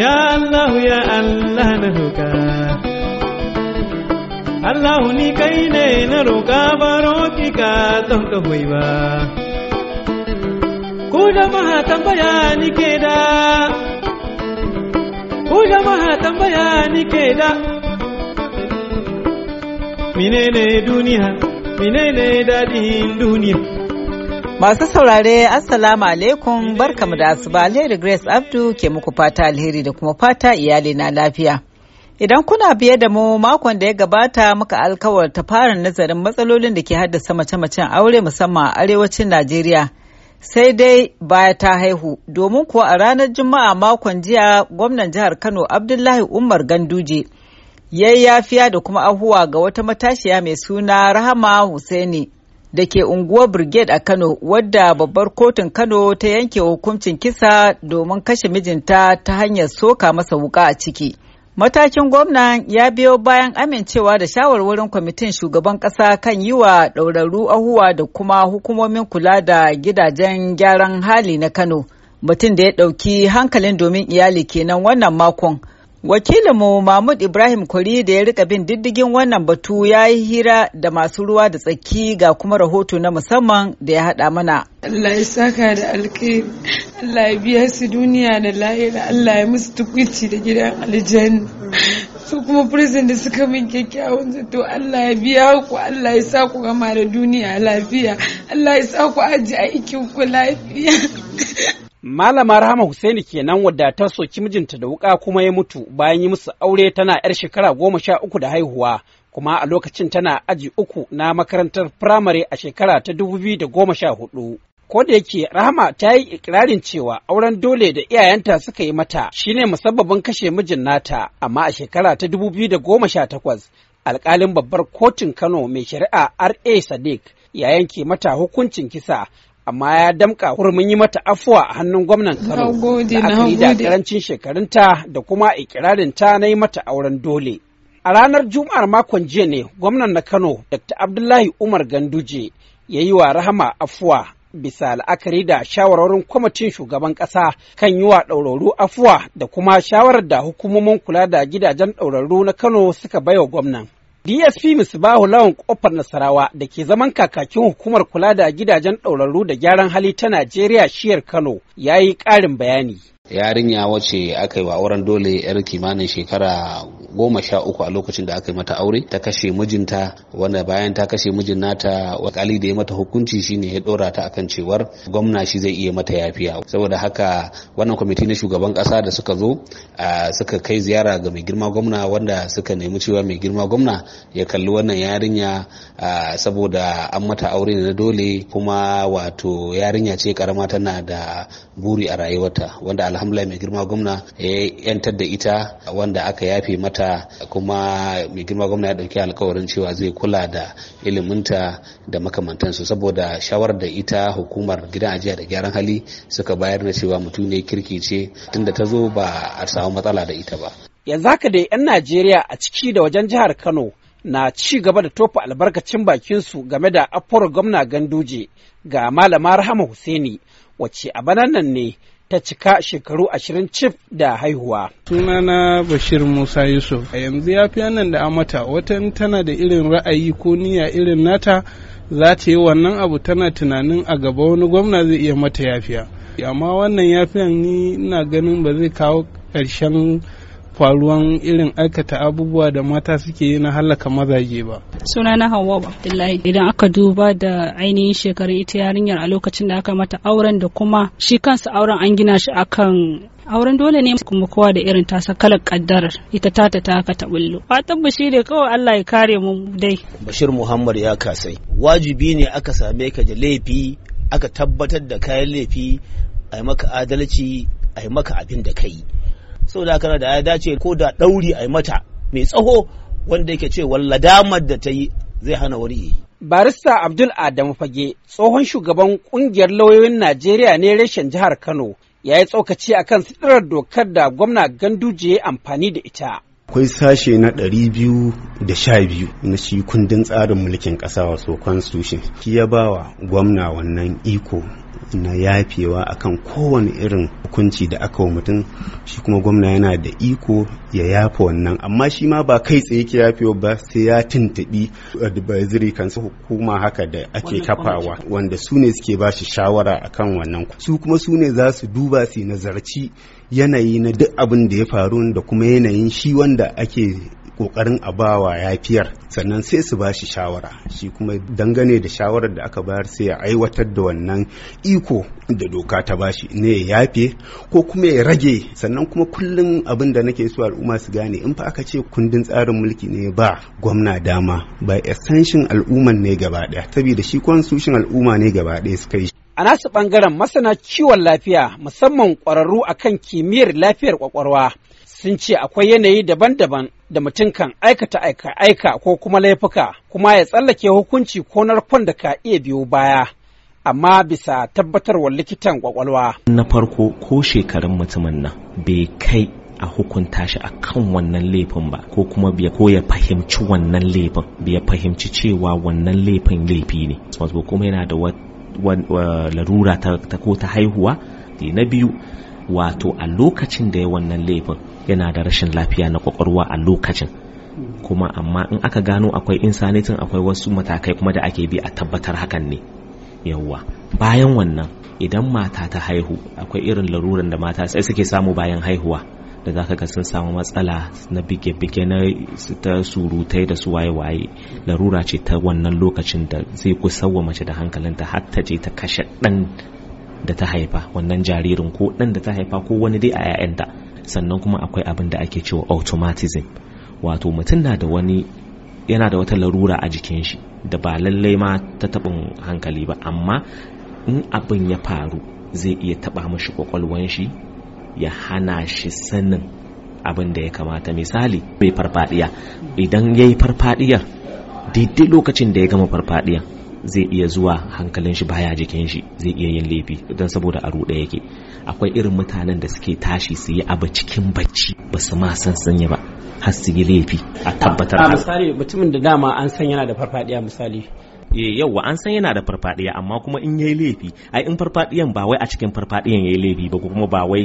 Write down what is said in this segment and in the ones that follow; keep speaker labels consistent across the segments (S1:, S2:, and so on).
S1: Ya Allah ya Allah na roƙa Allah ni kai ne na roƙa baro ki ka don ka hoyi ba Ku jama'a tambaya ke da ke da duniya dadin duniya Masu saurare Assalamu alaikum barkamu da asuba Lady Grace Abdu ke muku fata alheri da kuma fata iyali na lafiya. Idan kuna biye da mu makon da ya gabata muka alkawar ta fara nazarin matsalolin da ke haddasa mace-macen aure musamman a arewacin Najeriya. Sai dai baya ta haihu domin kuwa a ranar Juma'a makon jiya gwamnan jihar Kano Abdullahi Umar Ganduje ya yafiya da kuma ahuwa ga wata matashiya mai suna Rahama Hussaini. da ke unguwar Brigade a Kano wadda babbar kotun Kano ta yanke hukuncin kisa domin kashe mijinta ta hanyar soka masa wuka a ciki. Matakin gwamnan ya biyo bayan amincewa da shawarwarin kwamitin shugaban kasa kan yi wa ɗaurarru ahuwa da kuma hukumomin kula da gidajen gyaran hali na Kano. Mutum da ya ɗauki hankalin domin iyali kenan wannan makon. Wakilinmu Mahmud Ibrahim Kuri da ya rika bin diddigin wannan batu ya yi hira da masu ruwa da tsaki ga kuma rahoto na musamman da ya haɗa mana. Allah ya saka da alkhairi, Allah ya biya su duniya da lahira, Allah ya musu tukwici da gidan aljanna. Su kuma prison da suka min kyakkyawan zato Allah ya biya ku, Allah ya sa ku gama da duniya lafiya, Allah ya sa ku aji aikin ku lafiya.
S2: Malama Rahama Husaini kenan wadda ta soki mijinta da wuka kuma ya mutu bayan yi musu aure tana 'yar shekara goma sha uku da haihuwa kuma a lokacin tana aji uku na makarantar firamare a shekara ta dubu biyu da goma sha hudu. yake Rahama ta yi ikirarin cewa auren dole da iyayenta suka yi mata shine musabbabin kashe mijin nata amma a shekara ta dubu biyu da goma sha takwas alkalin babbar kotun Kano mai shari'a R.A. Sadiq ya yanke mata hukuncin kisa amma ya damka hurumin yi mata afuwa a hannun gwamnan Kano. yi da karancin shekarunta da kuma ikirarin ta na yi mata auren dole. A ranar Juma'ar makon jiya ne gwamnan na Kano Dr. Abdullahi Umar Ganduje ya yi wa Rahama afuwa bisa la'akari da shawarwarin kwamitin shugaban ƙasa kan yi wa ɗauraru afuwa da kuma shawarar da hukumomin kula da gidajen ɗaurarru na Kano suka baiwa gwamnan. DSP Misbahu Lawan Kofar Nasarawa da ke zaman kakakin hukumar kula da gidajen ɗaurarru da gyaran hali ta Najeriya shiyar Kano ya yi ƙarin bayani. yarinya wace aka yi wa auren dole yar kimanin shekara goma sha uku a lokacin da aka yi mata aure ta kashe mijinta wanda bayan ta kashe mijin nata wakali da ya mata hukunci shine ya dora ta akan cewar gwamna shi zai iya mata yafiya saboda haka wannan kwamiti na shugaban kasa da suka zo suka kai ziyara ga mai girma gwamna wanda suka nemi cewa mai girma gwamna ya kalli wannan yarinya saboda an mata aure na dole kuma wato yarinya ce karama tana da buri a rayuwarta wanda hamla mai girma gwamna ya yantar da ita wanda aka yafe mata kuma mai girma gwamna ya ɗauki alkawarin cewa zai kula da iliminta da makamantansu saboda shawarar da ita hukumar gidan ajiya da gyaran hali suka bayar na cewa mutum ne kirki ce tunda ta zo ba a samu matsala da ita ba. Yanzu haka dai 'yan Najeriya a ciki da wajen jihar Kano na ci gaba da tofa albarkacin bakinsu game da afuwar gwamna ganduje ga malama rahama Hussaini wacce a bananan ne ta cika shekaru ashirin cif da haihuwa.
S3: Sunana Bashir Musa Yusuf a yanzu ya fi nan da amata watan tana da irin ra'ayi ko niyya irin nata za ta yi wannan abu tana tunanin a gaba wani gwamna zai iya mata yafiya. Amma wannan yafiyan ni ina ganin ba zai kawo ƙarshen faruwan irin aikata abubuwa da mata suke yi na halaka mazaje ba.
S1: Suna na Hauwa Abdullahi idan aka duba da ainihin shekarun ita yarinyar a lokacin da aka mata auren da kuma shi kansa auren an gina shi akan auren dole ne kuma kowa da irin tasa kalar kaddarar ita ta ta taka ta bullo fatan bashir da kawai Allah ya kare mu dai
S4: Bashir Muhammad ya kasai wajibi ne aka same ka da laifi aka tabbatar da kayan laifi a yi maka adalci a yi maka abin da ka yi saboda haka da ya dace ko da ɗauri a mata mai tsaho wanda yake ce walla damar da
S2: ta yi zai hana wani yi. Barista Abdul Adamu Fage tsohon shugaban kungiyar lauyoyin Najeriya ne reshen jihar Kano ya yi tsokaci a kan sidirar dokar da gwamna Ganduje ya amfani da ita.
S3: Akwai sashe na ɗari biyu da sha biyu na shi kundin tsarin mulkin ƙasa wato constitution. Ki ya wa gwamna wannan iko na yafewa akan kowane irin hukunci da aka wa mutum shi kuma gwamna yana da iko ya yafa wannan amma shi ma ba kai tsaye ke yafewa ba sai ya tuntubi advisory kansu hukuma haka da ake kafawa wanda su ne suke ba shi shawara akan wannan su kuma su ne za su duba su nazarci yanayi na duk abin da ya faru da kuma yanayin shi wanda ake kokarin a bawa yafiyar sannan sai su bashi shawara shi kuma dangane da shawarar da aka bayar sai ya aiwatar da wannan iko da doka ta bashi ne ya yafe ko kuma ya rage sannan kuma kullum abin da nake so al'umma su gane in fa aka ce kundin tsarin mulki ne ba gwamna dama ba extension al'umman ne gaba daya saboda shi constitution al'umma ne gaba daya suka yi
S2: A nasu bangaren masana ciwon lafiya musamman ƙwararru akan kimiyyar lafiyar kwakwalwa sun ce akwai yanayi daban-daban da mutum kan aikata aika ko kuma laifuka kuma ya tsallake hukunci ko narkon da ka iya biyo baya amma bisa tabbatarwar likitan kwakwalwa.
S5: Na farko ko shekarun mutumin nan bai kai a hukunta shi akan wannan laifin ba ko kuma biya ko ya fahimci wannan laifin biya fahimci cewa wannan laifin laifi ne kuma yana da larura ta ko ta haihuwa na biyu wato a lokacin da ya wannan laifin yana da rashin lafiya na kwakwalwa a lokacin kuma amma in aka gano akwai insanitin akwai wasu matakai kuma da ake bi a tabbatar hakan ne yawwa bayan wannan idan mata ta haihu akwai irin laruran da mata sai suke samu bayan haihuwa da zaka ga sun samu matsala na bige-bige na ta surutai da su waye-waye larura ce ta wannan lokacin da zai kusa wa mace da hankalinta har ta je ta kashe ɗan da ta haifa wannan jaririn ko ɗan da ta haifa ko wani dai a 'ya'yanta sannan kuma akwai abin da ake cewa automatism wato mutum na da wani yana da wata larura a jikin shi da ba lallai ma ta taɓin hankali ba amma in abin ya faru zai iya taɓa mashi kwakwalwan shi ya hana shi sanin abin da ya kamata misali bai farfadiya idan yayi yi farfadiyar daidai lokacin da ya gama farfadiyar. zai iya zuwa hankalin shi baya jikin shi zai iya yin laifi don saboda a ruɗe yake akwai irin mutanen da suke tashi su yi abu cikin bacci ba su ma san sanya ba har su yi laifi a tabbatar a misali mutumin da dama an san yana da farfadiya misali eh, yauwa an san yana da farfadiya amma kuma in yayi laifi ai in farfadiyan ba wai a cikin farfadiyan yayi laifi ba kuma ba wai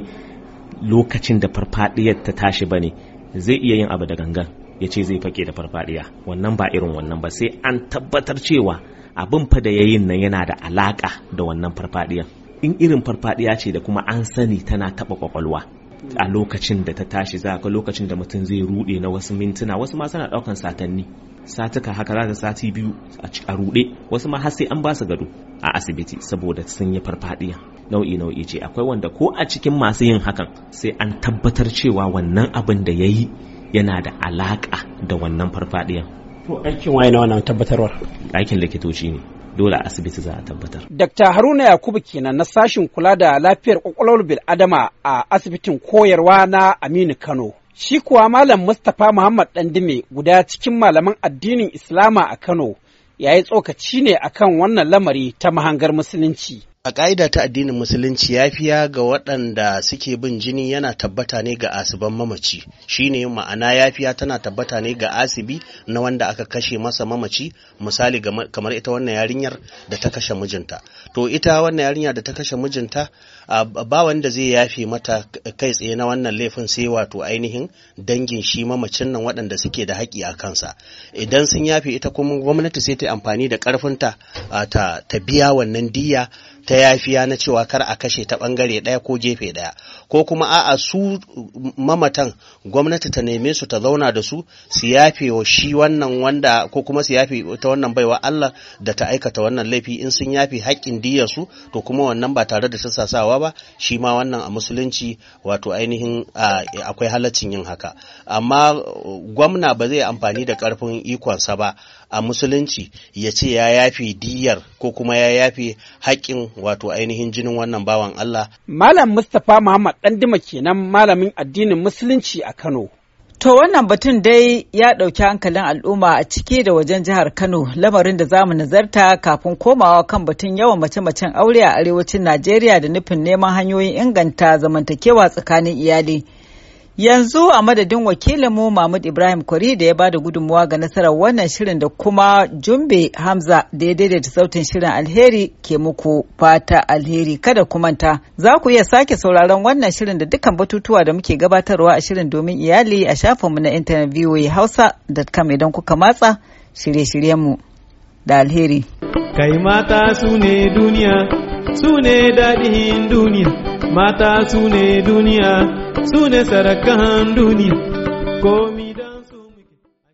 S5: lokacin da farfadiyar ta tashi bane zai iya yin abu da gangan ya ce zai fake da farfadiya wannan ba irin wannan ba sai an tabbatar cewa abin fa da yayin nan yana da alaka da wannan farfadiyan in irin farfadiya ce da kuma an sani tana taba kwakwalwa a lokacin da ta tashi za ka lokacin da mutum zai rude na wasu mintuna wasu ma suna daukan satanni satuka haka za ka sati biyu a rude wasu ma har sai an ba su gado a asibiti saboda sun yi farfadiya nau'i nau'i ce akwai wanda ko a cikin masu yin hakan sai an tabbatar cewa wannan abin da yayi yana da alaka da wannan farfadiyan To aikin waye
S2: na wannan tabbatarwar?
S5: Aikin likitoci ne. Dole asibiti za a tabbatar.
S2: Dr. Haruna Yakubu kenan na sashin kula da lafiyar kwakwalwar adama a asibitin koyarwa na Aminu Kano. Shi kuwa Malam Mustapha Muhammad Dandime guda cikin malaman addinin Islama a Kano yayi tsokaci ne akan wannan lamari ta mahangar musulunci. A ƙa'ida ta addinin Musulunci yafiya ga waɗanda suke bin jini yana tabbata ne ga asiban
S4: mamaci, shine ma'ana yafiya tana tabbata ne ga asibi na wanda aka kashe masa mamaci, misali kamar ita wannan yarinyar da ta kashe mijinta. To ita wannan yarinya da ta kashe mijinta ba wanda zai yafi mata kai tsaye na wannan laifin sai wato ainihin dangin shi mamacin nan waɗanda suke da haƙi a kansa idan sun yafi ita kuma gwamnati sai ta amfani da ƙarfinta ta biya wannan diya ta yafiya na cewa kar a kashe ta bangare ɗaya ko gefe ɗaya ko kuma a'a su mamatan gwamnati ta neme su ta zauna da su su yafe wa shi wannan wanda ko kuma su yafe ta wannan baiwa Allah da ta aikata wannan laifi in sun yafe haƙƙin diyar su to kuma wannan ba tare da sassasawa rayuwa ba shi ma wannan a musulunci wato ainihin akwai halaccin yin haka amma gwamna ba zai amfani da karfin ikonsa ba a musulunci ya ce ya yafi diyar ko kuma ya yafi haƙƙin wato ainihin
S2: jinin wannan bawan Allah. Malam Mustapha Muhammad ɗan dima kenan malamin addinin musulunci
S1: a Kano. To wannan batun dai ya ɗauki hankalin al'umma a ciki da wajen jihar Kano lamarin da zamu nazarta kafin komawa kan batun yawan mace-macen aure a arewacin Najeriya da nufin neman hanyoyin inganta zamantakewa tsakanin iyali. Yanzu a madadin wakilinmu Mahmud Ibrahim Kwari da ya ba da gudunmuwa ga nasarar wannan shirin da kuma Jumbe Hamza da ya daidaita sautin shirin alheri ke muku fata alheri kada kumanta Za ku iya sake sauraron wannan shirin da dukkan batutuwa da muke gabatarwa a shirin domin iyali a shafinmu na intanet hausa da Hausa.com idan kuka matsa shirye-shiryenmu da alheri. Kai mata su duniya su ne daɗin duniya mata sune duniya sune ne sarakan duniya komi